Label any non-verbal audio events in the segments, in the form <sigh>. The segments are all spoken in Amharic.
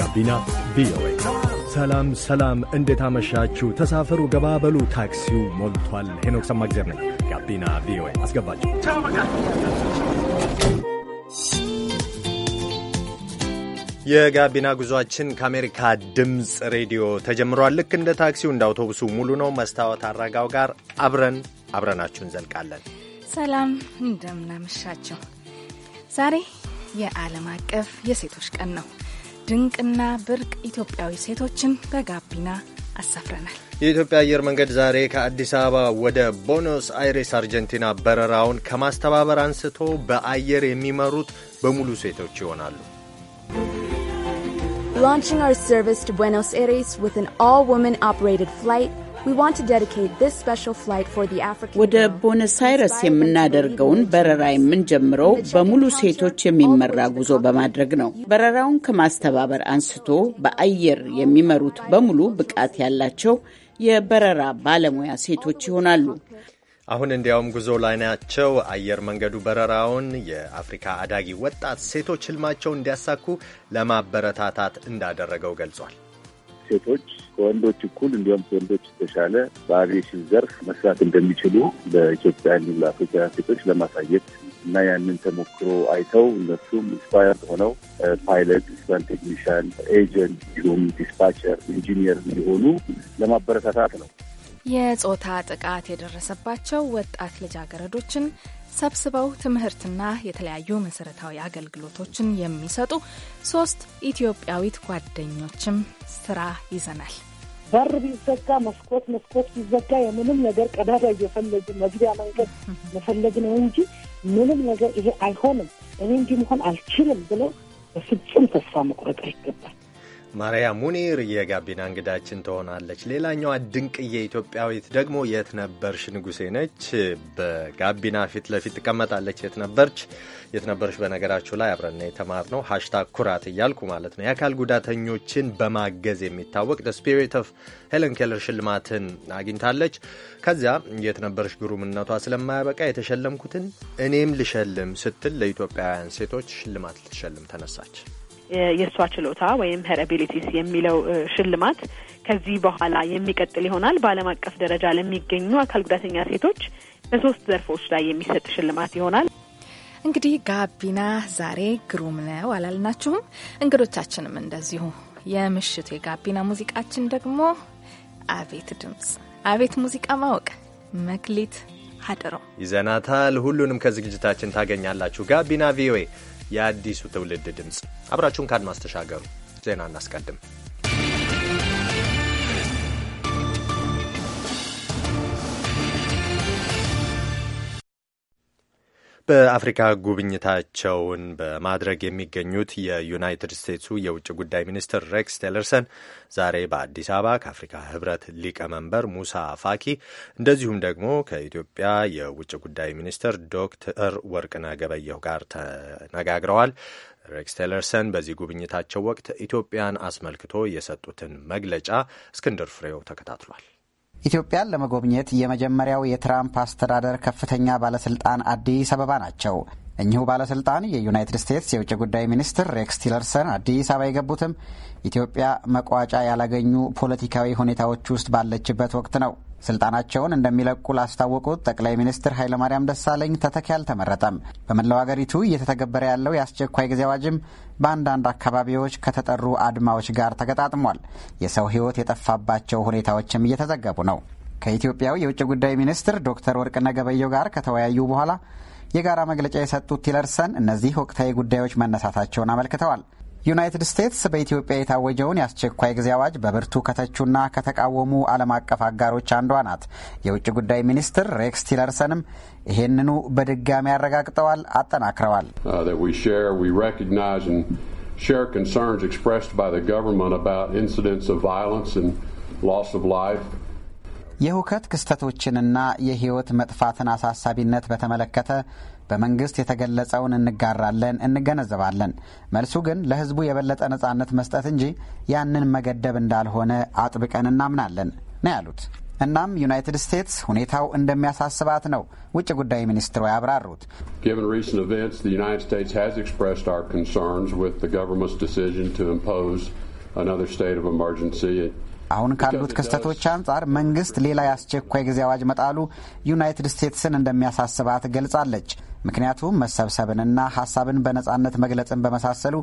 ጋቢና ቪኦኤ። ሰላም ሰላም፣ እንዴት አመሻችሁ? ተሳፈሩ፣ ገባበሉ፣ ታክሲው ሞልቷል። ሄኖክ ሰማግዜር ነኝ። ጋቢና ቪኦኤ አስገባችሁ። የጋቢና ጉዟችን ከአሜሪካ ድምፅ ሬዲዮ ተጀምሯል። ልክ እንደ ታክሲው እንደ አውቶቡሱ ሙሉ ነው። መስታወት አረጋው ጋር አብረን አብረናችሁ እንዘልቃለን። ሰላም እንደምናመሻቸው። ዛሬ የዓለም አቀፍ የሴቶች ቀን ነው። ድንቅና ብርቅ ኢትዮጵያዊ ሴቶችን በጋቢና አሳፍረናል። የኢትዮጵያ አየር መንገድ ዛሬ ከአዲስ አበባ ወደ ቦኖስ አይሬስ አርጀንቲና በረራውን ከማስተባበር አንስቶ በአየር የሚመሩት በሙሉ ሴቶች ይሆናሉ። Launching our service to Buenos Aires with an all-woman operated flight ወደ ቦነስ አይረስ የምናደርገውን በረራ የምንጀምረው በሙሉ ሴቶች የሚመራ ጉዞ በማድረግ ነው። በረራውን ከማስተባበር አንስቶ በአየር የሚመሩት በሙሉ ብቃት ያላቸው የበረራ ባለሙያ ሴቶች ይሆናሉ። አሁን እንዲያውም ጉዞ ላይ ናቸው። አየር መንገዱ በረራውን የአፍሪካ አዳጊ ወጣት ሴቶች ህልማቸውን እንዲያሳኩ ለማበረታታት እንዳደረገው ገልጿል። ሴቶች ከወንዶች እኩል እንዲሁም ከወንዶች የተሻለ በአቪዬሽን ዘርፍ መስራት እንደሚችሉ በኢትዮጵያ ያሉ ለአፍሪካውያን ሴቶች ለማሳየት እና ያንን ተሞክሮ አይተው እነሱም ኢንስፓየር ሆነው ፓይለት፣ ስፓን ቴክኒሽያን፣ ኤጀንት እንዲሁም ዲስፓቸር፣ ኢንጂኒየር እንዲሆኑ ለማበረታታት ነው። የጾታ ጥቃት የደረሰባቸው ወጣት ልጃገረዶችን ሰብስበው ትምህርትና የተለያዩ መሰረታዊ አገልግሎቶችን የሚሰጡ ሶስት ኢትዮጵያዊት ጓደኞችም ስራ ይዘናል። በር ቢዘጋ መስኮት መስኮት ቢዘጋ የምንም ነገር ቀዳዳ እየፈለግ መግቢያ መንገድ መፈለግ ነው እንጂ ምንም ነገር ይሄ አይሆንም፣ እኔ እንዲህ መሆን አልችልም ብለው በፍጹም ተስፋ መቁረጥ አይገባል። ማርያም ሙኒር የጋቢና እንግዳችን ትሆናለች። ሌላኛዋ ድንቅዬ ኢትዮጵያዊት ደግሞ የት ነበርሽ ንጉሴ ነች። በጋቢና ፊት ለፊት ትቀመጣለች። የት ነበርች የት ነበርሽ? በነገራችሁ ላይ አብረን የተማርነው ሀሽታግ ኩራት እያልኩ ማለት ነው። የአካል ጉዳተኞችን በማገዝ የሚታወቅ ደ ስፒሪት ኦፍ ሄለን ኬለር ሽልማትን አግኝታለች። ከዚያ የት ነበርሽ ግሩምነቷ ስለማያበቃ የተሸለምኩትን እኔም ልሸልም ስትል ለኢትዮጵያውያን ሴቶች ሽልማት ልትሸልም ተነሳች። የእሷ ችሎታ ወይም ሄር አቢሊቲስ የሚለው ሽልማት ከዚህ በኋላ የሚቀጥል ይሆናል። በዓለም አቀፍ ደረጃ ለሚገኙ አካል ጉዳተኛ ሴቶች በሶስት ዘርፎች ላይ የሚሰጥ ሽልማት ይሆናል። እንግዲህ ጋቢና ዛሬ ግሩም ነው አላልናችሁም? እንግዶቻችንም እንደዚሁ። የምሽቱ የጋቢና ሙዚቃችን ደግሞ አቤት ድምፅ፣ አቤት ሙዚቃ ማወቅ መክሊት አድሮ ይዘናታል። ሁሉንም ከዝግጅታችን ታገኛላችሁ። ጋቢና ቪኦኤ የአዲሱ ትውልድ ድምፅ። አብራችሁን ካድማስ ተሻገሩ። ዜና እናስቀድም። በአፍሪካ ጉብኝታቸውን በማድረግ የሚገኙት የዩናይትድ ስቴትሱ የውጭ ጉዳይ ሚኒስትር ሬክስ ቴለርሰን ዛሬ በአዲስ አበባ ከአፍሪካ ህብረት ሊቀመንበር ሙሳ ፋኪ እንደዚሁም ደግሞ ከኢትዮጵያ የውጭ ጉዳይ ሚኒስትር ዶክተር ወርቅነህ ገበየሁ ጋር ተነጋግረዋል። ሬክስ ቴለርሰን በዚህ ጉብኝታቸው ወቅት ኢትዮጵያን አስመልክቶ የሰጡትን መግለጫ እስክንድር ፍሬው ተከታትሏል። ኢትዮጵያን ለመጎብኘት የመጀመሪያው የትራምፕ አስተዳደር ከፍተኛ ባለስልጣን አዲስ አበባ ናቸው። እኚሁ ባለስልጣን የዩናይትድ ስቴትስ የውጭ ጉዳይ ሚኒስትር ሬክስ ቲለርሰን አዲስ አበባ የገቡትም ኢትዮጵያ መቋጫ ያላገኙ ፖለቲካዊ ሁኔታዎች ውስጥ ባለችበት ወቅት ነው። ስልጣናቸውን እንደሚለቁ ላስታወቁት ጠቅላይ ሚኒስትር ኃይለማርያም ደሳለኝ ተተኪ አልተመረጠም። በመላው አገሪቱ እየተተገበረ ያለው የአስቸኳይ ጊዜ አዋጅም በአንዳንድ አካባቢዎች ከተጠሩ አድማዎች ጋር ተገጣጥሟል። የሰው ሕይወት የጠፋባቸው ሁኔታዎችም እየተዘገቡ ነው። ከኢትዮጵያው የውጭ ጉዳይ ሚኒስትር ዶክተር ወርቅነህ ገበየሁ ጋር ከተወያዩ በኋላ የጋራ መግለጫ የሰጡት ቲለርሰን እነዚህ ወቅታዊ ጉዳዮች መነሳታቸውን አመልክተዋል። ዩናይትድ ስቴትስ በኢትዮጵያ የታወጀውን የአስቸኳይ ጊዜ አዋጅ በብርቱ ከተቹና ከተቃወሙ ዓለም አቀፍ አጋሮች አንዷ ናት። የውጭ ጉዳይ ሚኒስትር ሬክስ ቲለርሰንም ይህንኑ በድጋሚ አረጋግጠዋል፣ አጠናክረዋል። uh, share concerns expressed by the government about incidents of violence and loss of life. የሁከት ክስተቶችንና የህይወት መጥፋትን አሳሳቢነት በተመለከተ በመንግስት የተገለጸውን እንጋራለን፣ እንገነዘባለን። መልሱ ግን ለህዝቡ የበለጠ ነጻነት መስጠት እንጂ ያንን መገደብ እንዳልሆነ አጥብቀን እናምናለን ነው ያሉት። እናም ዩናይትድ ስቴትስ ሁኔታው እንደሚያሳስባት ነው ውጭ ጉዳይ ሚኒስትሩ ያብራሩት። አሁን ካሉት ክስተቶች አንጻር መንግስት ሌላ የአስቸኳይ ጊዜ አዋጅ መጣሉ ዩናይትድ ስቴትስን እንደሚያሳስባት ገልጻለች። ምክንያቱም መሰብሰብንና ሀሳብን በነጻነት መግለጽን በመሳሰሉ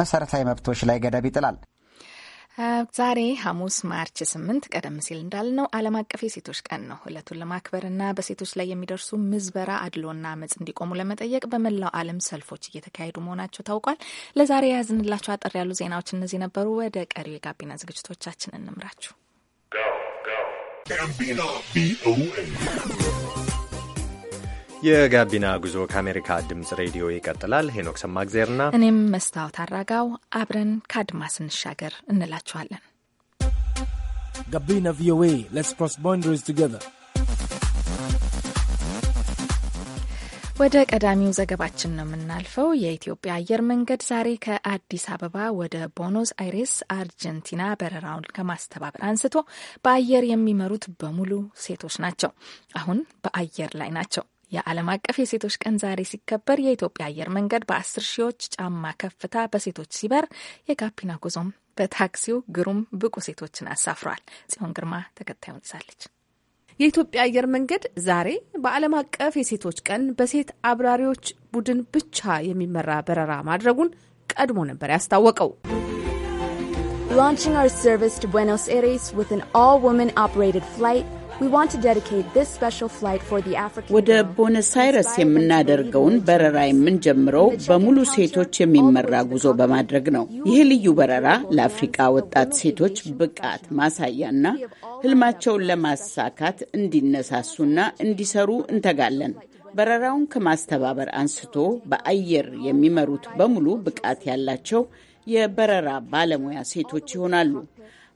መሰረታዊ መብቶች ላይ ገደብ ይጥላል። ዛሬ ሐሙስ ማርች ስምንት ቀደም ሲል እንዳልነው ዓለም አቀፍ የሴቶች ቀን ነው። ዕለቱን ለማክበርና በሴቶች ላይ የሚደርሱ ምዝበራ፣ አድሎና አመፅ እንዲቆሙ ለመጠየቅ በመላው ዓለም ሰልፎች እየተካሄዱ መሆናቸው ታውቋል። ለዛሬ የያዝንላቸው አጠር ያሉ ዜናዎች እነዚህ ነበሩ። ወደ ቀሪው የጋቢና ዝግጅቶቻችን እንምራችሁ። የጋቢና ጉዞ ከአሜሪካ ድምፅ ሬዲዮ ይቀጥላል። ሄኖክ ሰማግዜርና እኔም መስታወት አራጋው አብረን ከአድማስ እንሻገር እንላችኋለን። ጋቢና ቪኦኤ ሌትስ ክሮስ ቦንደሪስ ቱጌዘር። ወደ ቀዳሚው ዘገባችን ነው የምናልፈው። የኢትዮጵያ አየር መንገድ ዛሬ ከአዲስ አበባ ወደ ቦኖስ አይሬስ አርጀንቲና በረራውን ከማስተባበር አንስቶ በአየር የሚመሩት በሙሉ ሴቶች ናቸው። አሁን በአየር ላይ ናቸው። የዓለም አቀፍ የሴቶች ቀን ዛሬ ሲከበር የኢትዮጵያ አየር መንገድ በአስር ሺዎች ጫማ ከፍታ በሴቶች ሲበር የጋቢና ጉዞም በታክሲው ግሩም ብቁ ሴቶችን አሳፍሯል። ጽዮን ግርማ ተከታዩን ይዛለች። የኢትዮጵያ አየር መንገድ ዛሬ በዓለም አቀፍ የሴቶች ቀን በሴት አብራሪዎች ቡድን ብቻ የሚመራ በረራ ማድረጉን ቀድሞ ነበር ያስታወቀው። Launching our service to Buenos Aires with an all-woman operated flight, we want to dedicate this special flight for the African ወደ ቦነስ አይረስ የምናደርገውን በረራ የምንጀምረው በሙሉ ሴቶች የሚመራ ጉዞ በማድረግ ነው። ይህ ልዩ በረራ ለአፍሪካ ወጣት ሴቶች ብቃት ማሳያና ህልማቸውን ለማሳካት እንዲነሳሱና እንዲሰሩ እንተጋለን። በረራውን ከማስተባበር አንስቶ በአየር የሚመሩት በሙሉ ብቃት ያላቸው የበረራ ባለሙያ ሴቶች ይሆናሉ።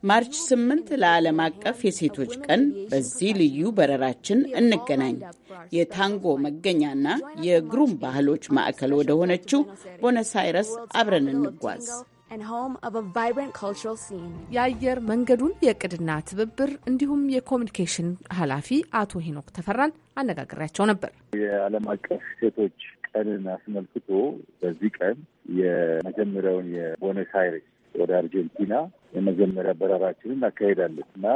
ማርች 8 ለዓለም አቀፍ የሴቶች ቀን በዚህ ልዩ በረራችን እንገናኝ። የታንጎ መገኛና የግሩም ባህሎች ማዕከል ወደ ሆነችው ቦነስ አይረስ አብረን እንጓዝ። የአየር መንገዱን የእቅድና ትብብር እንዲሁም የኮሚኒኬሽን ኃላፊ አቶ ሄኖክ ተፈራን አነጋግሬያቸው ነበር። የዓለም አቀፍ ሴቶች ቀንን አስመልክቶ በዚህ ቀን የመጀመሪያውን የቦነስ አይረስ ወደ አርጀንቲና የመጀመሪያ በረራችንን አካሄዳለን እና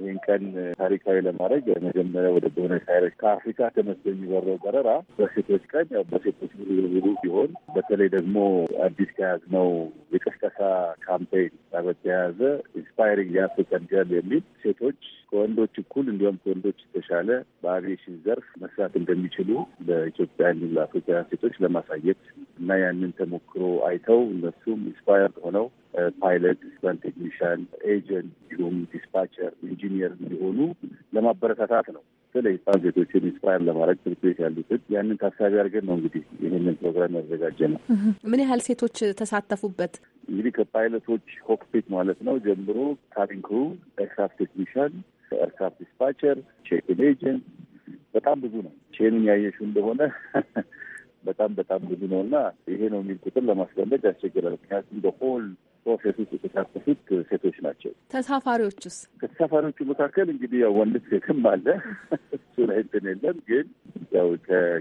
ይህን ቀን ታሪካዊ ለማድረግ የመጀመሪያ ወደ ቦነስ አይረስ ከአፍሪካ ተነስቶ የሚበረው በረራ በሴቶች ቀን ያው በሴቶች ሙሉ በሙሉ ሲሆን በተለይ ደግሞ አዲስ ከያዝነው የቀስቀሳ ካምፔይን ጋር በተያያዘ ኢንስፓይሪንግ የአፍሪካን ገርል የሚል ሴቶች ከወንዶች እኩል እንዲሁም ከወንዶች የተሻለ በአቪዬሽን ዘርፍ መስራት እንደሚችሉ ለኢትዮጵያ እንዲሁም ለአፍሪካውያን ሴቶች ለማሳየት እና ያንን ተሞክሮ አይተው እነሱም ኢንስፓየርድ ሆነው ፓይለት፣ ቫን ቴክኒሽያን፣ ኤጀንት እንዲሁም ዲስፓቸር፣ ኢንጂኒየር እንዲሆኑ ለማበረታታት ነው። በተለይ ህጻን ሴቶችን ኢንስፓየር ለማድረግ ትምህርት ቤት ያሉትን ያንን ታሳቢ አድርገን ነው እንግዲህ ይህንን ፕሮግራም ያዘጋጀ ነው። ምን ያህል ሴቶች ተሳተፉበት? እንግዲህ ከፓይለቶች ኮክፒት ማለት ነው ጀምሮ ካቢን ክሩ፣ ኤርክራፍት ቴክኒሽያን ኤርክራፍት ዲስፓቸር፣ ቼክን ኤጀንት በጣም ብዙ ነው። ቼኑን ያየሹ እንደሆነ <laughs> በጣም በጣም ብዙ ነው እና ይሄ ነው የሚል ቁጥር ለማስቀመጥ ያስቸግራል። ምክንያቱም በሆል ፕሮሴስ ውስጥ የተሳተፉት ሴቶች ናቸው። ተሳፋሪዎቹስ ከተሳፋሪዎቹ መካከል እንግዲህ ያው ወንድ ሴትም አለ <laughs> እሱ ላይ እንትን የለም ግን ያው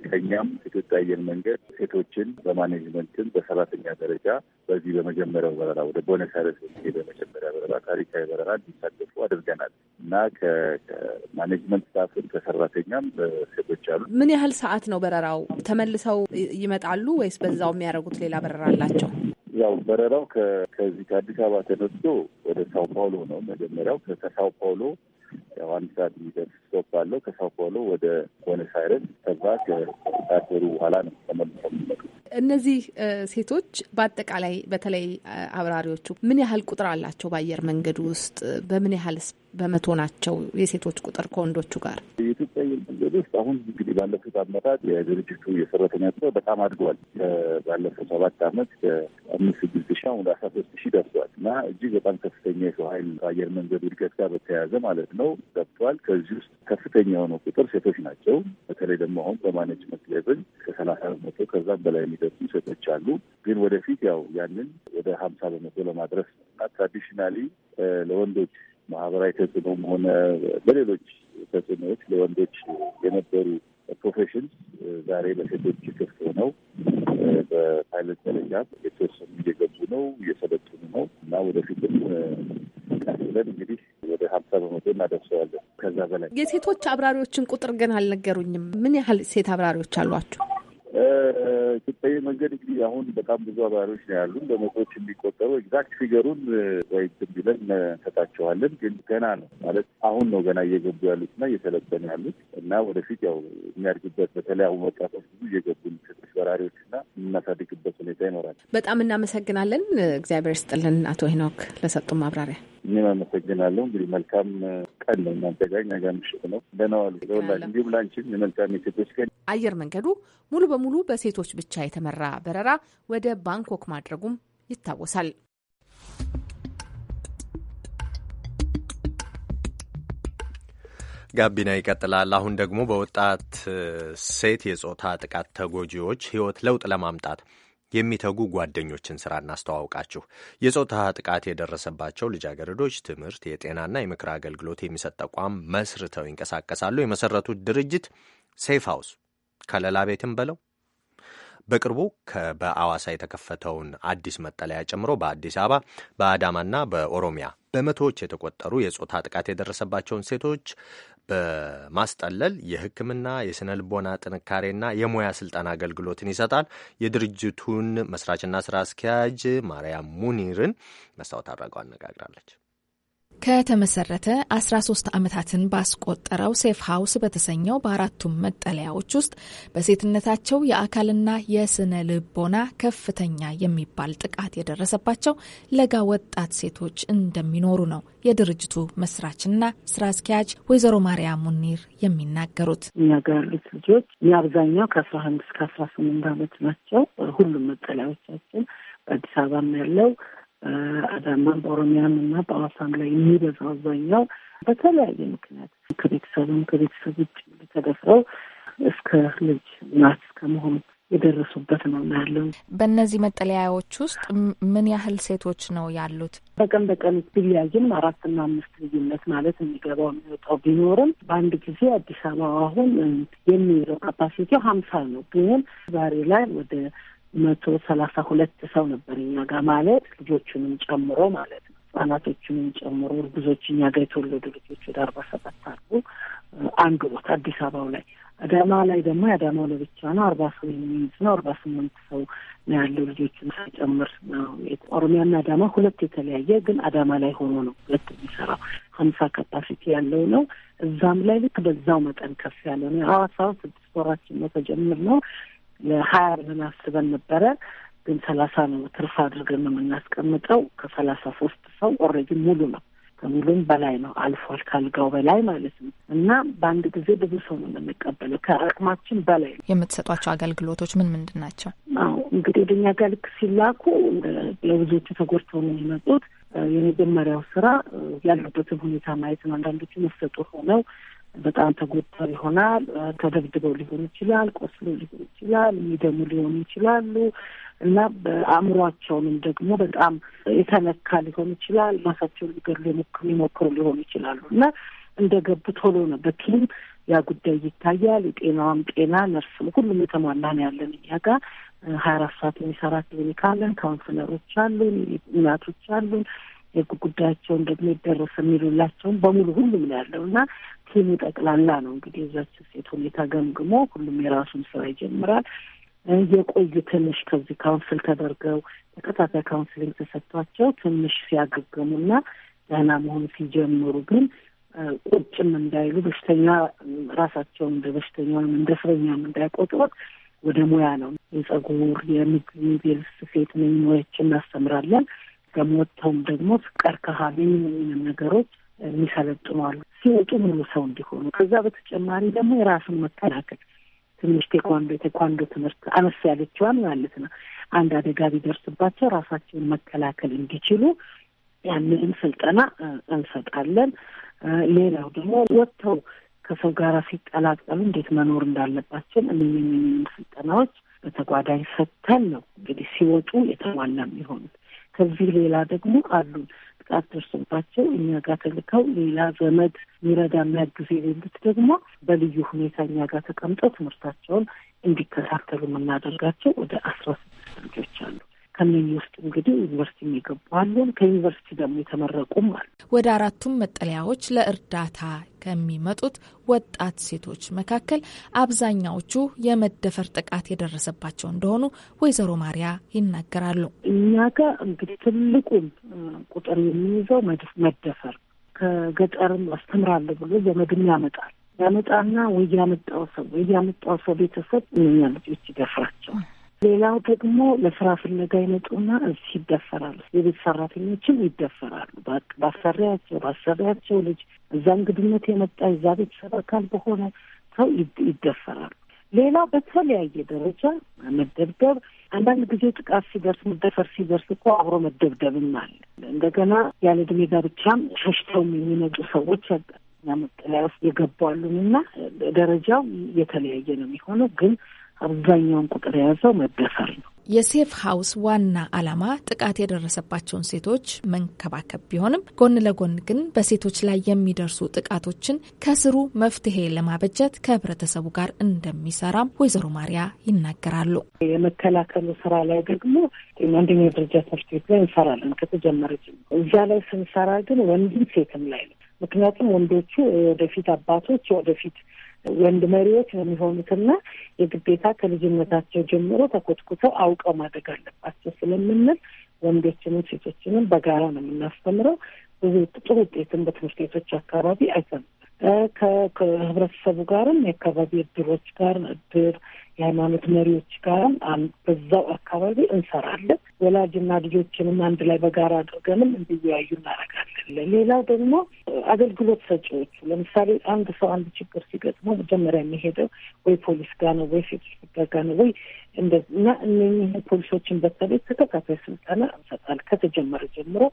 ከኛም ኢትዮጵያ አየር መንገድ ሴቶችን በማኔጅመንትም በሰራተኛ ደረጃ በዚህ በመጀመሪያው በረራ ወደ ቦነስ አይረስ በመጀመሪያ በረራ ታሪካዊ በረራ እንዲሳተፉ አድርገናል እና ከማኔጅመንት ስታፍን ከሰራተኛም ሴቶች አሉ። ምን ያህል ሰዓት ነው በረራው? ተመልሰው ይመጣሉ ወይስ በዛው የሚያደርጉት ሌላ በረራ አላቸው? ያው በረራው ከዚህ ከአዲስ አበባ ተነስቶ ወደ ሳው ፓውሎ ነው መጀመሪያው ከሳው ፓውሎ ያው አንድ ሰዓት የሚደርስ ስቶፕ አለው። ከሳው ፓውሎ ወደ ቦነስ አይረስ ከዛ ከታሰሩ በኋላ ነው ተመልሶ የሚመጡ እነዚህ ሴቶች። በአጠቃላይ በተለይ አብራሪዎቹ ምን ያህል ቁጥር አላቸው? በአየር መንገዱ ውስጥ በምን ያህል በመቶ ናቸው የሴቶች ቁጥር ከወንዶቹ ጋር? የኢትዮጵያ አየር መንገድ ውስጥ አሁን እንግዲህ ባለፉት አመታት የድርጅቱ የሰራተኛ ቁጥር በጣም አድጓል። ባለፈው ሰባት አመት ከአምስት ስድስት ሺ አሁን አስራ ሶስት ሺ ደርሷል እና እጅግ በጣም ከፍተኛ የሰው ኃይል ከአየር መንገዱ እድገት ጋር በተያያዘ ማለት ነው ገብተዋል። ከዚህ ውስጥ ከፍተኛ የሆነው ቁጥር ሴቶች ናቸው። በተለይ ደግሞ አሁን በማኔጅመንት ሌቭል ከሰላሳ በመቶ ከዛም በላይ የሚደርሱ ሴቶች አሉ። ግን ወደፊት ያው ያንን ወደ ሀምሳ በመቶ ለማድረስ ነው እና ትራዲሽናሊ ለወንዶች ማህበራዊ ተጽዕኖም ሆነ በሌሎች ተጽዕኖዎች ለወንዶች የነበሩ ፕሮፌሽን ዛሬ ለሴቶች ክፍት ሆነው በፓይለት ደረጃ የተወሰኑ እየገቡ ነው፣ እየሰለጠኑ ነው እና ወደፊትም ቀስ እንግዲህ ሀምሳ በመቶ እናደርሰዋለን። ከዛ በላይ የሴቶች አብራሪዎችን ቁጥር ግን አልነገሩኝም። ምን ያህል ሴት አብራሪዎች አሏቸው ኢትዮጵያዊ መንገድ እንግዲህ አሁን በጣም ብዙ አባሪዎች ነው ያሉን፣ በመቶዎች የሚቆጠሩ ኤግዛክት ፊገሩን ወይ እንትን ብለን እንሰጣቸዋለን። ግን ገና ነው ማለት አሁን ነው ገና እየገቡ ያሉት እና እየሰለጠኑ ያሉት እና ወደፊት ያው የሚያድግበት በተለይ አሁን ወጣቶች ብዙ እየገቡ ሴቶች በራሪዎች እና የምናሳድግበት ሁኔታ ይኖራል። በጣም እናመሰግናለን። እግዚአብሔር ስጥልን አቶ ሄኖክ ለሰጡ ማብራሪያ። እኔም አመሰግናለሁ። እንግዲህ መልካም ቀን ነው እናንተ ጋር እኛ ጋር ምሽት ነው። ደህና ዋሉ ለሁላችን፣ እንዲሁም ለአንቺም የመልካም የሴቶች ቀን። አየር መንገዱ ሙሉ በሙሉ በሙሉ በሴቶች ብቻ የተመራ በረራ ወደ ባንኮክ ማድረጉም ይታወሳል። ጋቢና ይቀጥላል። አሁን ደግሞ በወጣት ሴት የጾታ ጥቃት ተጎጂዎች ሕይወት ለውጥ ለማምጣት የሚተጉ ጓደኞችን ስራ እናስተዋውቃችሁ። የጾታ ጥቃት የደረሰባቸው ልጃገረዶች ትምህርት፣ የጤናና የምክር አገልግሎት የሚሰጥ ተቋም መስርተው ይንቀሳቀሳሉ። የመሰረቱት ድርጅት ሴፍ ሀውስ ከለላ ቤትም በለው በቅርቡ በአዋሳ የተከፈተውን አዲስ መጠለያ ጨምሮ በአዲስ አበባ በአዳማና በኦሮሚያ በመቶዎች የተቆጠሩ የጾታ ጥቃት የደረሰባቸውን ሴቶች በማስጠለል የሕክምና የስነ ልቦና ጥንካሬና የሙያ ስልጠና አገልግሎትን ይሰጣል። የድርጅቱን መስራችና ስራ አስኪያጅ ማርያም ሙኒርን መስታወት አድርገው አነጋግራለች። ከተመሰረተ 13 ዓመታትን ባስቆጠረው ሴፍ ሀውስ በተሰኘው በአራቱም መጠለያዎች ውስጥ በሴትነታቸው የአካልና የስነ ልቦና ከፍተኛ የሚባል ጥቃት የደረሰባቸው ለጋ ወጣት ሴቶች እንደሚኖሩ ነው የድርጅቱ መስራችና ስራ አስኪያጅ ወይዘሮ ማርያም ሙኒር የሚናገሩት። እኛ ጋር ያሉት ልጆች የአብዛኛው ከአስራ አንድ እስከ አስራ ስምንት ዓመት ናቸው። ሁሉም መጠለያዎቻችን በአዲስ አበባም ያለው በአዳማም በኦሮሚያም እና በአዋሳም ላይ የሚበዛው አብዛኛው በተለያየ ምክንያት ከቤተሰብም ከቤተሰብ ውጭ ተደፍረው እስከ ልጅ ናት እስከ መሆን የደረሱበት ነው ያለው። በእነዚህ መጠለያዎች ውስጥ ምን ያህል ሴቶች ነው ያሉት? በቀን በቀን ቢለያይም አራትና አምስት ልዩነት ማለት የሚገባው የሚወጣው ቢኖርም በአንድ ጊዜ አዲስ አበባ አሁን የሚይዘው ካፓሲቲው ሀምሳ ነው። ግን ዛሬ ላይ ወደ መቶ ሰላሳ ሁለት ሰው ነበር እኛ ጋር ማለት ልጆቹንም ጨምሮ ማለት ነው። ህጻናቶቹንም ጨምሮ እርጉዞች እኛ ጋር የተወለዱ ልጆች ወደ አርባ ሰባት አሉ። አንድ ቦታ አዲስ አበባው ላይ አዳማ ላይ ደግሞ የአዳማው ለብቻ ነው አርባ ሰው የሚይዝ ነው። አርባ ስምንት ሰው ነው ያለው ልጆችን ሳይጨምር ነው። ኦሮሚያና አዳማ ሁለት የተለያየ ግን አዳማ ላይ ሆኖ ነው ሁለት የሚሰራው ሀምሳ ካፓሲቲ ያለው ነው። እዛም ላይ ልክ በዛው መጠን ከፍ ያለ ነው። ሐዋሳው ስድስት ወራችን ነው ተጀምር ነው ለሀያ ብለን አስበን ነበረ ግን ሰላሳ ነው ትርፍ አድርገን ነው የምናስቀምጠው። ከሰላሳ ሶስት ሰው ኦልሬዲ ሙሉ ነው ከሙሉም በላይ ነው አልፏል፣ ካልጋው በላይ ማለት ነው። እና በአንድ ጊዜ ብዙ ሰው ነው የምንቀበለው ከአቅማችን በላይ ነው። የምትሰጧቸው አገልግሎቶች ምን ምንድን ናቸው? አዎ እንግዲህ ወደኛ ጋር ልክ ሲላኩ ለብዙዎቹ ተጎድተው ነው የሚመጡት። የመጀመሪያው ስራ ያሉበትን ሁኔታ ማየት ነው። አንዳንዶቹ መሰጡ ሆነው በጣም ተጎድተው ይሆናል። ተደብድበው ሊሆን ይችላል። ቆስሎ ሊሆን ይችላል። የሚደሙ ሊሆኑ ይችላሉ እና አእምሯቸውንም ደግሞ በጣም የተነካ ሊሆን ይችላል። ራሳቸውን ሊገድሉ የሚሞክሩ ሊሆኑ ይችላሉ እና እንደ ገቡ ቶሎ ነው በኪም ያ ጉዳይ ይታያል። የጤናዋም ጤና ነርስ ሁሉም የተሟላ ነው ያለን እኛ ጋር ሀያ አራት ሰዓት የሚሰራ ክሊኒክ አለን። ካውንስለሮች አሉን፣ እናቶች አሉን የህግ ጉዳያቸውን ደግሞ ይደረስ የሚሉላቸውን በሙሉ ሁሉም ነው ያለው እና ቲሙ ጠቅላላ ነው እንግዲህ የዛች ሴት ሁኔታ ገምግሞ ሁሉም የራሱን ስራ ይጀምራል። የቆዩ ትንሽ ከዚህ ካውንስል ተደርገው ተከታታይ ካውንስሊንግ ተሰጥቷቸው ትንሽ ሲያገገሙ ሲያገገሙና ደህና መሆኑ ሲጀምሩ ግን ቁጭም እንዳይሉ በሽተኛ ራሳቸውን እንደ በሽተኛ ወይም እንደ እስረኛም እንዳይቆጥሩት ወደ ሙያ ነው የጸጉር የምግብ የልብስ ስፌት ነኝ ሙያችን እናስተምራለን ከሞተውም ደግሞ ቀርከሃ ምንም ነገሮች የሚሰለጥኗሉ ሲወጡ ሙሉ ሰው እንዲሆኑ ከዛ በተጨማሪ ደግሞ የራስን መከላከል ትንሽ ቴኳንዶ የቴኳንዶ ትምህርት አነስ ያለችዋን ማለት ነው። አንድ አደጋ ቢደርስባቸው ራሳቸውን መከላከል እንዲችሉ ያንንም ስልጠና እንሰጣለን። ሌላው ደግሞ ወጥተው ከሰው ጋር ሲቀላቀሉ እንዴት መኖር እንዳለባቸው እነኝም ስልጠናዎች በተጓዳኝ ሰጥተን ነው እንግዲህ ሲወጡ የተሟላ የሚሆኑት። ከዚህ ሌላ ደግሞ አሉ ጥቃት ደርሶባቸው እኛ ጋር ተልከው ሌላ ዘመድ ሚረዳ የሚያግዝ የሌሉት ደግሞ በልዩ ሁኔታ እኛ ጋር ተቀምጠው ትምህርታቸውን እንዲከታተሉ የምናደርጋቸው ወደ አስራ ስድስት ልጆች አሉ። ከነኚህ ውስጥ እንግዲህ ዩኒቨርሲቲ የሚገቡ አሉን፣ ከዩኒቨርሲቲ ደግሞ የተመረቁም አሉ። ወደ አራቱም መጠለያዎች ለእርዳታ ከሚመጡት ወጣት ሴቶች መካከል አብዛኛዎቹ የመደፈር ጥቃት የደረሰባቸው እንደሆኑ ወይዘሮ ማሪያ ይናገራሉ። እኛ ጋር እንግዲህ ትልቁን ቁጥር የሚይዘው መደፈር ከገጠርም አስተምራለሁ ብሎ ዘመድም ያመጣል ያመጣና ወይ ያመጣው ሰው ወይ ያመጣው ሰው ቤተሰብ እነኛ ልጆች ይደፍራቸዋል። ሌላው ደግሞ ለስራ ፍለጋ ይመጡና እዚህ ይደፈራሉ። የቤት ሰራተኞችም ይደፈራሉ። ባሰሪያቸው ባሰሪያቸው ልጅ እዛ እንግድነት የመጣ የዛ ቤተሰብ አካል በሆነ ሰው ይደፈራሉ። ሌላው በተለያየ ደረጃ መደብደብ፣ አንዳንድ ጊዜ ጥቃት ሲደርስ መደፈር ሲደርስ እኮ አብሮ መደብደብም አለ። እንደገና ያለ እድሜ ጋብቻም ሸሽተውም የሚመጡ ሰዎች መጠለያ ውስጥ የገቧሉን እና ደረጃው የተለያየ ነው የሚሆነው ግን አብዛኛውን ቁጥር የያዘው መደፈር ነው። የሴፍ ሀውስ ዋና ዓላማ ጥቃት የደረሰባቸውን ሴቶች መንከባከብ ቢሆንም ጎን ለጎን ግን በሴቶች ላይ የሚደርሱ ጥቃቶችን ከስሩ መፍትሄ ለማበጀት ከህብረተሰቡ ጋር እንደሚሰራም ወይዘሮ ማሪያ ይናገራሉ። የመከላከሉ ስራ ላይ ደግሞ አንደኛ ደረጃ ትምህርት ቤት ላይ እንሰራለን ከተጀመረ እዚያ ላይ ስንሰራ ግን ወንድም ሴትም ላይ ነው። ምክንያቱም ወንዶቹ ወደፊት አባቶች ወደፊት ወንድ መሪዎች ነው የሚሆኑትና የግዴታ ከልጅነታቸው ጀምሮ ተኮትኩተው አውቀው ማድረግ አለባቸው ስለምንል ወንዶችንም ሴቶችንም በጋራ ነው የምናስተምረው። ብዙ ጥሩ ውጤትን በትምህርት ቤቶች አካባቢ አይተን ከህብረተሰቡ ጋርም የአካባቢ እድሮች ጋር እድር የሃይማኖት መሪዎች ጋርም በዛው አካባቢ እንሰራለን። ወላጅና ልጆችንም አንድ ላይ በጋራ አድርገንም እንዲወያዩ እናደርጋለን። ሌላው ደግሞ አገልግሎት ሰጪዎቹ ለምሳሌ አንድ ሰው አንድ ችግር ሲገጥመው መጀመሪያ የሚሄደው ወይ ፖሊስ ጋር ነው ወይ ሴቶች ጉዳይ ጋር ነው ወይ እና እነህ ፖሊሶችን በተለይ ተከታታይ ስልጠና እንሰጣለን። ከተጀመረ ጀምሮ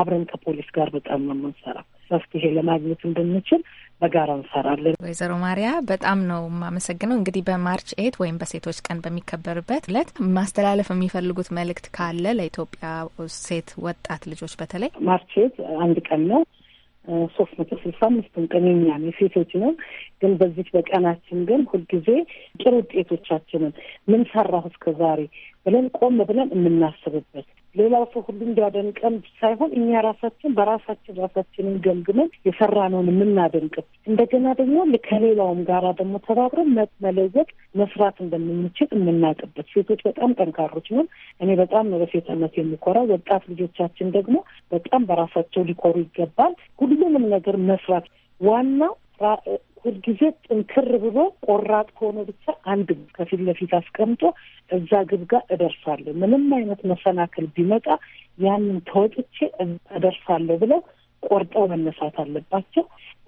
አብረን ከፖሊስ ጋር በጣም ነው የምንሰራው። መፍትሄ ለማግኘት እንድንችል በጋራ እንሰራለን። ወይዘሮ ማሪያ በጣም ነው የማመሰግነው። እንግዲህ በማርች ኤት ወይም በሴቶች ቀን በሚከበርበት እለት ማስተላለፍ የሚፈልጉት መልእክት ካለ ለኢትዮጵያ ሴት ወጣት ልጆች በተለይ ማርች ኤት አንድ ቀን ነው ሶስት መቶ ስልሳ አምስቱን ቀን የሚያም የሴቶች ነው። ግን በዚች በቀናችን ግን ሁልጊዜ ጥሩ ውጤቶቻችንን ምን ሰራሁ እስከ ዛሬ ብለን ቆም ብለን የምናስብበት ሌላው ሰው ሁሉ እንዲያደንቀን ሳይሆን እኛ ራሳችን በራሳችን ራሳችንን ገምግመን የሰራነውን የምናደንቅ እንደገና ደግሞ ከሌላውም ጋራ ደግሞ ተባብረን መለወጥ መስራት እንደምንችል የምናውቅበት ሴቶች በጣም ጠንካሮች ነን። እኔ በጣም ነው በሴትነት የሚኮራ። ወጣት ልጆቻችን ደግሞ በጣም በራሳቸው ሊኮሩ ይገባል። ሁሉንም ነገር መስራት ዋናው ሁልጊዜ ጥንክር ብሎ ቆራጥ ከሆነ ብቻ አንድ ከፊት ለፊት አስቀምጦ እዛ ግብ ጋር እደርሳለሁ፣ ምንም አይነት መሰናክል ቢመጣ ያንን ተወጥቼ እደርሳለሁ ብለው ቆርጠው መነሳት አለባቸው።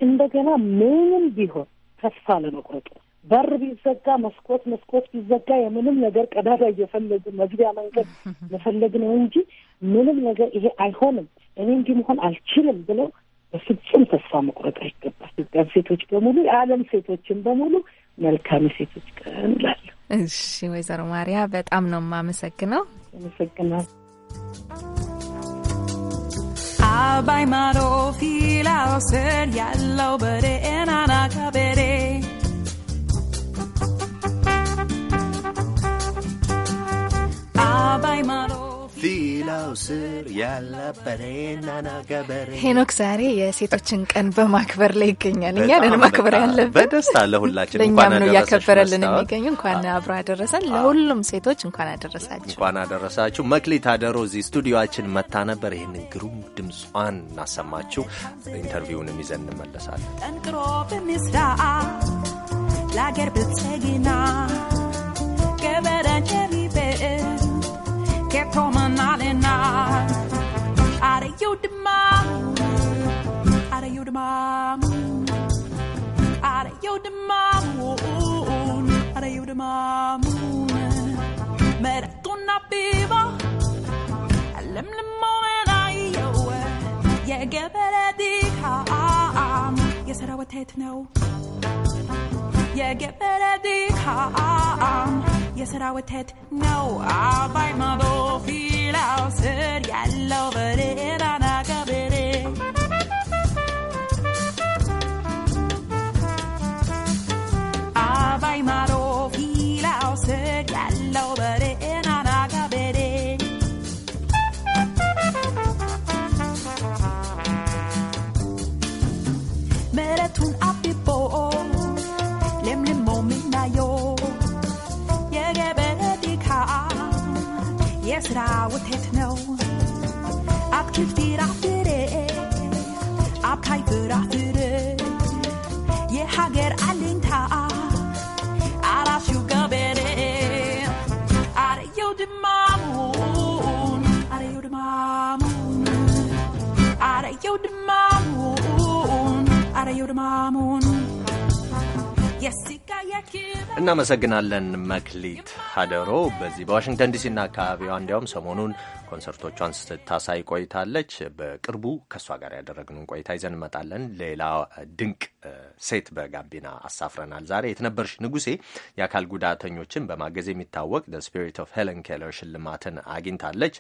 እንደገና ምንም ቢሆን ተስፋ ለመቁረጥ በር ቢዘጋ መስኮት መስኮት ቢዘጋ የምንም ነገር ቀዳዳ እየፈለጉ መግቢያ መንገድ <laughs> መፈለግ ነው እንጂ ምንም ነገር ይሄ አይሆንም፣ እኔ እንዲህ መሆን አልችልም ብለው በፍጹም ተስፋ መቁረጥ አይገባል። ኢትዮጵያን ሴቶች በሙሉ የዓለም ሴቶችን በሙሉ መልካም ሴቶች ቀን እላለሁ። እሺ ወይዘሮ ማሪያ በጣም ነው የማመሰግነው። አመሰግናል። አባይ ማዶ ፊላው ስር ያለው በሬ ኤናና ከበሬ አባይ ማዶ በሌላው ስር ያላበሬና ናገበሬ ሄኖክ ዛሬ የሴቶችን ቀን በማክበር ላይ ይገኛል። እኛንን ማክበር ያለብን በደስታ ለሁላችን ለእኛም ነው እያከበረልን የሚገኙ እንኳን አብሮ አደረሰን። ለሁሉም ሴቶች እንኳን አደረሳችሁ፣ እንኳን አደረሳችሁ። መክሊት አደሮ እዚህ ስቱዲዮችን መታ ነበር። ይህንን ግሩም ድምጿን እናሰማችሁ። ኢንተርቪውንም ይዘን እንመለሳለን። ጠንቅሮ በሚስዳ ለአገር ብትሰግና ገበረን ጨሪበ kept on my nodding nod. Ada you the mom, ada you the mom, ada you the mom, ada you the mom. Mera tunna piva, lem lem moen ayo, yeah, give it a dick, yes, I would take no. የገበረ ድካም የስራ ወተት ነው አባይ ማዶ ፊላው ስር ያለው በሌላ እናመሰግናለን መክሊት ሀደሮ በዚህ በዋሽንግተን ዲሲና አካባቢዋ እንዲያውም ሰሞኑን ኮንሰርቶቿን ስታሳይ ቆይታለች። በቅርቡ ከእሷ ጋር ያደረግንን ቆይታ ይዘን እንመጣለን። ሌላ ድንቅ ሴት በጋቢና አሳፍረናል ዛሬ። የትነበርሽ ንጉሴ የአካል ጉዳተኞችን በማገዝ የሚታወቅ ስፒሪት ኦፍ ሄለን ኬለር ሽልማትን አግኝታለች።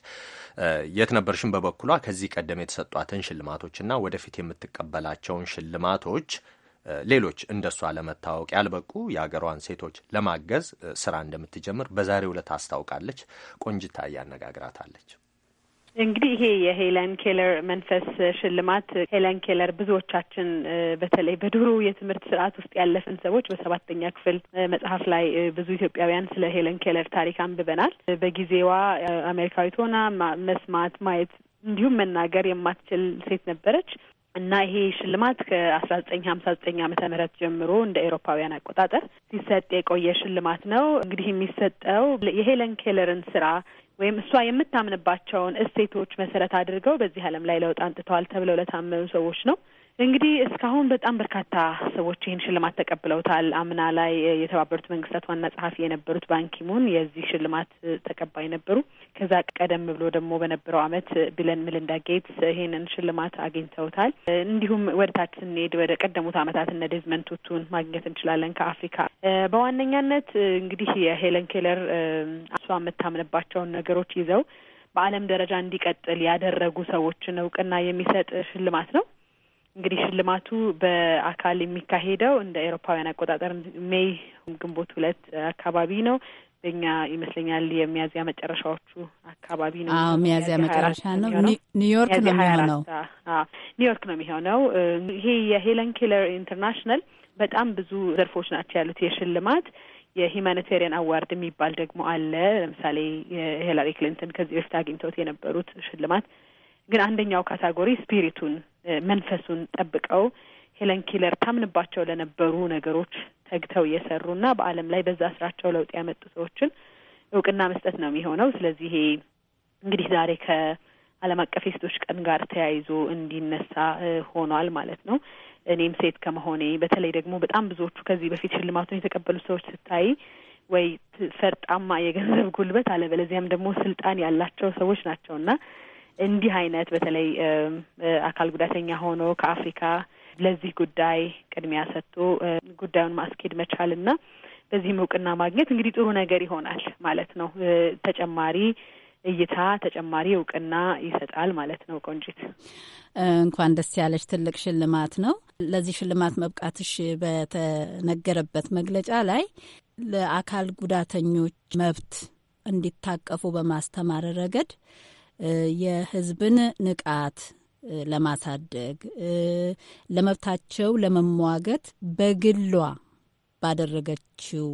የትነበርሽን በበኩሏ ከዚህ ቀደም የተሰጧትን ሽልማቶችና ወደፊት የምትቀበላቸውን ሽልማቶች ሌሎች እንደሷ ለመታወቅ ያልበቁ የአገሯን ሴቶች ለማገዝ ስራ እንደምትጀምር በዛሬው ዕለት አስታውቃለች። ቆንጅታ እያነጋግራታለች። እንግዲህ ይሄ የሄለን ኬለር መንፈስ ሽልማት ሄለን ኬለር ብዙዎቻችን በተለይ በድሮ የትምህርት ስርዓት ውስጥ ያለፍን ሰዎች በሰባተኛ ክፍል መጽሐፍ ላይ ብዙ ኢትዮጵያውያን ስለ ሄለን ኬለር ታሪክ አንብበናል። በጊዜዋ አሜሪካዊት ሆና መስማት ማየት እንዲሁም መናገር የማትችል ሴት ነበረች። እና ይሄ ሽልማት ከአስራ ዘጠኝ ሀምሳ ዘጠኝ ዓመተ ምህረት ጀምሮ እንደ ኤሮፓውያን አቆጣጠር ሲሰጥ የቆየ ሽልማት ነው። እንግዲህ የሚሰጠው የሄለን ኬለርን ስራ ወይም እሷ የምታምንባቸውን እሴቶች መሰረት አድርገው በዚህ ዓለም ላይ ለውጥ አንጥተዋል ተብለው ለታመኑ ሰዎች ነው። እንግዲህ እስካሁን በጣም በርካታ ሰዎች ይህን ሽልማት ተቀብለውታል። አምና ላይ የተባበሩት መንግስታት ዋና ጸሐፊ የነበሩት ባንኪሙን የዚህ ሽልማት ተቀባይ ነበሩ። ከዛ ቀደም ብሎ ደግሞ በነበረው አመት ቢለን ምልንዳ ጌትስ ይህንን ሽልማት አግኝተውታል። እንዲሁም ወደ ታች ስንሄድ ወደ ቀደሙት አመታት እነ ዴዝመንድ ቱቱን ማግኘት እንችላለን። ከአፍሪካ በዋነኛነት እንግዲህ የሄለን ኬለር እሷ የምታምንባቸውን ነገሮች ይዘው በዓለም ደረጃ እንዲቀጥል ያደረጉ ሰዎችን እውቅና የሚሰጥ ሽልማት ነው። እንግዲህ ሽልማቱ በአካል የሚካሄደው እንደ ኤሮፓውያን አቆጣጠር ሜይ ግንቦት ሁለት አካባቢ ነው። በኛ ይመስለኛል የሚያዝያ መጨረሻዎቹ አካባቢ ነው። አዎ ሚያዝያ መጨረሻ ነው። ኒውዮርክ ነው የሚሆነው። ኒውዮርክ ነው የሚሆነው። ይሄ የሄለን ኬለር ኢንተርናሽናል በጣም ብዙ ዘርፎች ናቸው ያሉት የሽልማት የሂማኒቴሪያን አዋርድ የሚባል ደግሞ አለ። ለምሳሌ የሂላሪ ክሊንተን ከዚህ በፊት አግኝተውት የነበሩት ሽልማት ግን አንደኛው ካታጎሪ ስፒሪቱን መንፈሱን ጠብቀው ሄለን ኪለር ታምንባቸው ለነበሩ ነገሮች ተግተው የሰሩና በዓለም ላይ በዛ ስራቸው ለውጥ ያመጡ ሰዎችን እውቅና መስጠት ነው የሚሆነው። ስለዚህ ይሄ እንግዲህ ዛሬ ከዓለም አቀፍ የሴቶች ቀን ጋር ተያይዞ እንዲነሳ ሆኗል ማለት ነው። እኔም ሴት ከመሆኔ በተለይ ደግሞ በጣም ብዙዎቹ ከዚህ በፊት ሽልማቱን የተቀበሉ ሰዎች ስታይ ወይ ፈርጣማ የገንዘብ ጉልበት አለበለዚያም ደግሞ ስልጣን ያላቸው ሰዎች ናቸውና እንዲህ አይነት በተለይ አካል ጉዳተኛ ሆኖ ከአፍሪካ ለዚህ ጉዳይ ቅድሚያ ሰጥቶ ጉዳዩን ማስኬድ መቻል እና በዚህም እውቅና ማግኘት እንግዲህ ጥሩ ነገር ይሆናል ማለት ነው። ተጨማሪ እይታ ተጨማሪ እውቅና ይሰጣል ማለት ነው። ቆንጂት እንኳን ደስ ያለች ትልቅ ሽልማት ነው። ለዚህ ሽልማት መብቃትሽ በተነገረበት መግለጫ ላይ ለአካል ጉዳተኞች መብት እንዲታቀፉ በማስተማር ረገድ የህዝብን ንቃት ለማሳደግ ለመብታቸው ለመሟገት በግሏ ባደረገችው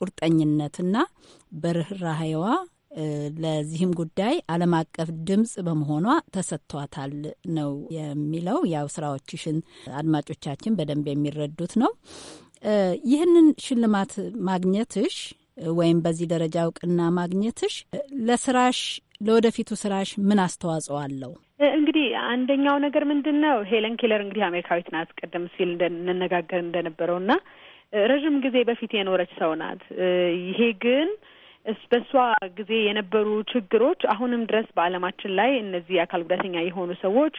ቁርጠኝነትና በርኅራኄዋ ለዚህም ጉዳይ ዓለም አቀፍ ድምፅ በመሆኗ ተሰጥቷታል ነው የሚለው። ያው ስራዎችሽን አድማጮቻችን በደንብ የሚረዱት ነው። ይህንን ሽልማት ማግኘትሽ ወይም በዚህ ደረጃ እውቅና ማግኘትሽ ለስራሽ ለወደፊቱ ስራሽ ምን አስተዋጽኦ አለው? እንግዲህ አንደኛው ነገር ምንድን ነው ሄለን ኬለር እንግዲህ አሜሪካዊት ናት። ቀደም ሲል እንነጋገር እንደነበረው እና ረዥም ጊዜ በፊት የኖረች ሰው ናት። ይሄ ግን በእሷ ጊዜ የነበሩ ችግሮች አሁንም ድረስ በዓለማችን ላይ እነዚህ የአካል ጉዳተኛ የሆኑ ሰዎች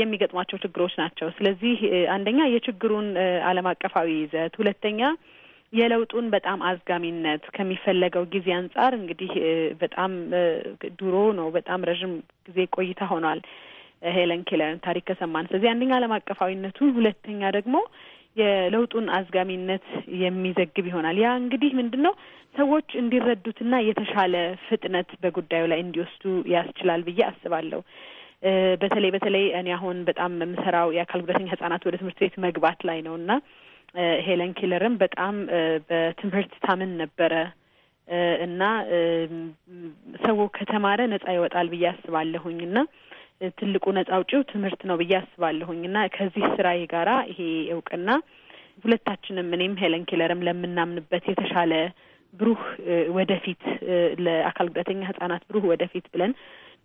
የሚገጥሟቸው ችግሮች ናቸው። ስለዚህ አንደኛ የችግሩን ዓለም አቀፋዊ ይዘት፣ ሁለተኛ የለውጡን በጣም አዝጋሚነት ከሚፈለገው ጊዜ አንጻር እንግዲህ በጣም ድሮ ነው። በጣም ረዥም ጊዜ ቆይታ ሆኗል ሄለን ኬለርን ታሪክ ከሰማን። ስለዚህ አንደኛ ዓለም አቀፋዊነቱ፣ ሁለተኛ ደግሞ የለውጡን አዝጋሚነት የሚዘግብ ይሆናል። ያ እንግዲህ ምንድን ነው ሰዎች እንዲረዱትና የተሻለ ፍጥነት በጉዳዩ ላይ እንዲወስዱ ያስችላል ብዬ አስባለሁ። በተለይ በተለይ እኔ አሁን በጣም የምሰራው የአካል ጉዳተኛ ህጻናት ወደ ትምህርት ቤት መግባት ላይ ነው እና ሄለን ኪለርም በጣም በትምህርት ታምን ነበረ እና ሰው ከተማረ ነጻ ይወጣል ብዬ አስባለሁኝ እና ትልቁ ነጻ አውጪው ትምህርት ነው ብዬ አስባለሁኝ እና ከዚህ ስራዬ ጋራ ይሄ እውቅና ሁለታችንም እኔም ሄለን ኪለርም ለምናምንበት የተሻለ ብሩህ ወደፊት ለአካል ጉዳተኛ ህጻናት ብሩህ ወደፊት ብለን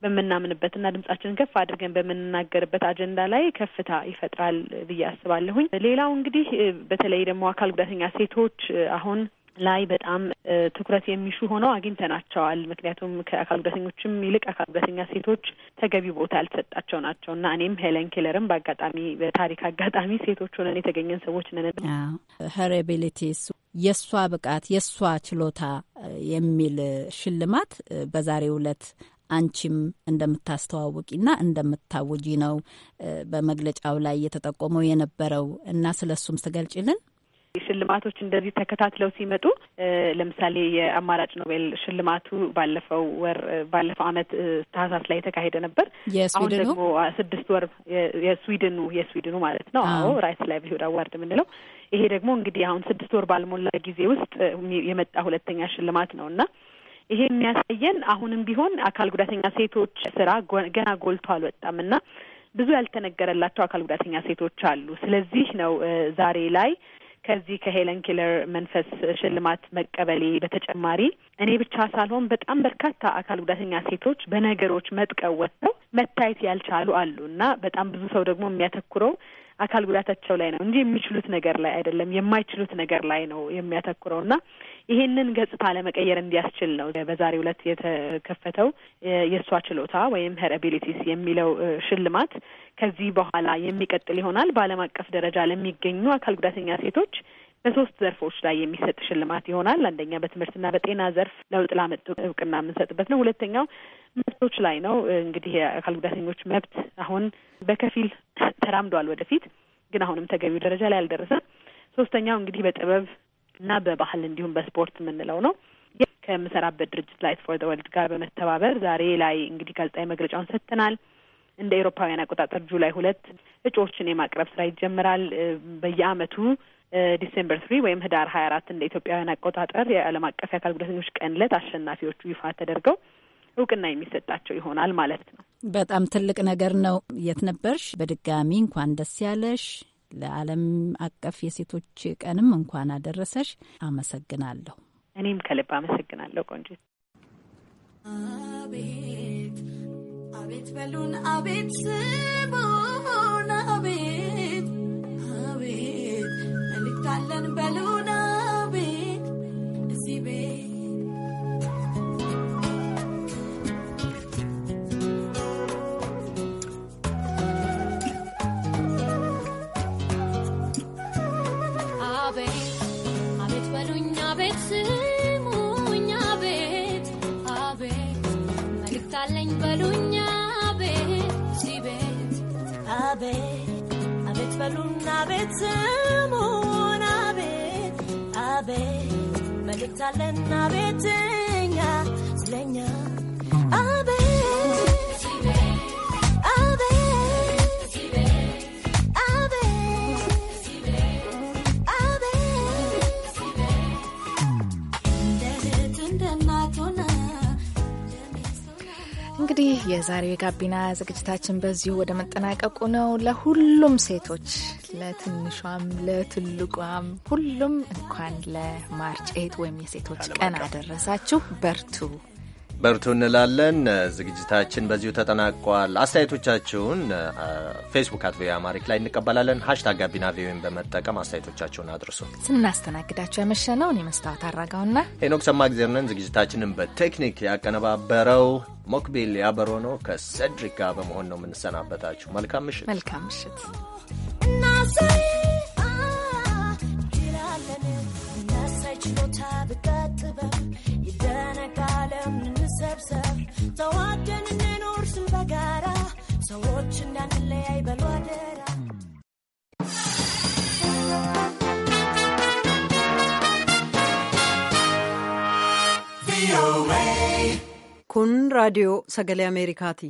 በምናምንበትና ድምጻችንን ከፍ አድርገን በምንናገርበት አጀንዳ ላይ ከፍታ ይፈጥራል ብዬ አስባለሁኝ። ሌላው እንግዲህ በተለይ ደግሞ አካል ጉዳተኛ ሴቶች አሁን ላይ በጣም ትኩረት የሚሹ ሆነው አግኝተናቸዋል። ምክንያቱም ከአካል ጉዳተኞችም ይልቅ አካል ጉዳተኛ ሴቶች ተገቢ ቦታ ያልተሰጣቸው ናቸው እና እኔም ሄለን ኬለርም በአጋጣሚ በታሪክ አጋጣሚ ሴቶች ሆነን የተገኘን ሰዎች ነን። ሄሬቢሊቲስ የእሷ ብቃት የእሷ ችሎታ የሚል ሽልማት በዛሬው ዕለት አንቺም እንደምታስተዋውቂና እንደምታውጂ ነው በመግለጫው ላይ የተጠቆመው የነበረው እና ስለ እሱም ስገልጭልን ሽልማቶች እንደዚህ ተከታትለው ሲመጡ ለምሳሌ የአማራጭ ኖቤል ሽልማቱ ባለፈው ወር ባለፈው ዓመት ታህሳስ ላይ የተካሄደ ነበር። አሁን ደግሞ ስድስት ወር የስዊድኑ የስዊድኑ ማለት ነው። አዎ ራይትስ ላይቭሊሁድ አዋርድ የምንለው ይሄ ደግሞ እንግዲህ አሁን ስድስት ወር ባልሞላ ጊዜ ውስጥ የመጣ ሁለተኛ ሽልማት ነው እና ይሄ የሚያሳየን አሁንም ቢሆን አካል ጉዳተኛ ሴቶች ስራ ገና ጎልቶ አልወጣም እና ብዙ ያልተነገረላቸው አካል ጉዳተኛ ሴቶች አሉ። ስለዚህ ነው ዛሬ ላይ ከዚህ ከሄለን ኪለር መንፈስ ሽልማት መቀበሌ በተጨማሪ እኔ ብቻ ሳልሆን በጣም በርካታ አካል ጉዳተኛ ሴቶች በነገሮች መጥቀው ወጥተው መታየት ያልቻሉ አሉ እና በጣም ብዙ ሰው ደግሞ የሚያተኩረው አካል ጉዳታቸው ላይ ነው እንጂ የሚችሉት ነገር ላይ አይደለም፣ የማይችሉት ነገር ላይ ነው የሚያተኩረው እና ይሄንን ገጽታ ለመቀየር እንዲያስችል ነው በዛሬው ዕለት የተከፈተው የእሷ ችሎታ ወይም ሄር አቢሊቲስ የሚለው ሽልማት ከዚህ በኋላ የሚቀጥል ይሆናል። በዓለም አቀፍ ደረጃ ለሚገኙ አካል ጉዳተኛ ሴቶች በሶስት ዘርፎች ላይ የሚሰጥ ሽልማት ይሆናል። አንደኛ በትምህርትና በጤና ዘርፍ ለውጥ ላመጡ እውቅና የምንሰጥበት ነው። ሁለተኛው መብቶች ላይ ነው። እንግዲህ የአካል ጉዳተኞች መብት አሁን በከፊል ተራምዷል። ወደፊት ግን አሁንም ተገቢው ደረጃ ላይ አልደረሰም። ሶስተኛው እንግዲህ በጥበብ እና በባህል እንዲሁም በስፖርት የምንለው ነው። ከምሰራበት ድርጅት ላይት ፎር ዘ ወርልድ ጋር በመተባበር ዛሬ ላይ እንግዲህ ጋዜጣዊ መግለጫውን ሰጥተናል። እንደ ኤሮፓውያን አቆጣጠር ጁላይ ሁለት እጩዎችን የማቅረብ ስራ ይጀምራል። በየአመቱ ዲሴምበር ትሪ ወይም ህዳር ሀያ አራት እንደ ኢትዮጵያውያን አቆጣጠር የዓለም አቀፍ የአካል ጉዳተኞች ቀን ዕለት አሸናፊዎቹ ይፋ ተደርገው እውቅና የሚሰጣቸው ይሆናል ማለት ነው። በጣም ትልቅ ነገር ነው። የት ነበርሽ? በድጋሚ እንኳን ደስ ያለሽ። ለዓለም አቀፍ የሴቶች ቀንም እንኳን አደረሰሽ። አመሰግናለሁ። እኔም ከልብ አመሰግናለሁ ቆንጆ። አቤት አቤት በሉን አቤት ስሙን አቤት አቤት መልክታለን በሉን ሰሞን እንግዲህ የዛሬው የጋቢና ዝግጅታችን በዚሁ ወደ መጠናቀቁ ነው። ለሁሉም ሴቶች ለትንሿም ለትልቋም ሁሉም እንኳን ለማርች ኤት ወይም የሴቶች ቀን አደረሳችሁ። በርቱ በርቱ እንላለን። ዝግጅታችን በዚሁ ተጠናቋል። አስተያየቶቻችሁን ፌስቡክ አት ቪኦኤ አማሪክ ላይ እንቀበላለን። ሀሽታግ ጋቢና ቪኦኤን በመጠቀም አስተያየቶቻችሁን አድርሱ። ስናስተናግዳችሁ ነው እኔ መስታወት አራጋውና ሄኖክ ሰማ ጊዜርነን። ዝግጅታችንን በቴክኒክ ያቀነባበረው ሞክቢል ያበሮ ነው። ከሰድሪክ ጋር በመሆን ነው የምንሰናበታችሁ። መልካም ምሽት። መልካም ምሽት። ሰዎች እንዳንለያይ በሉ አደራ። Kun radio sagalee Ameerikaati.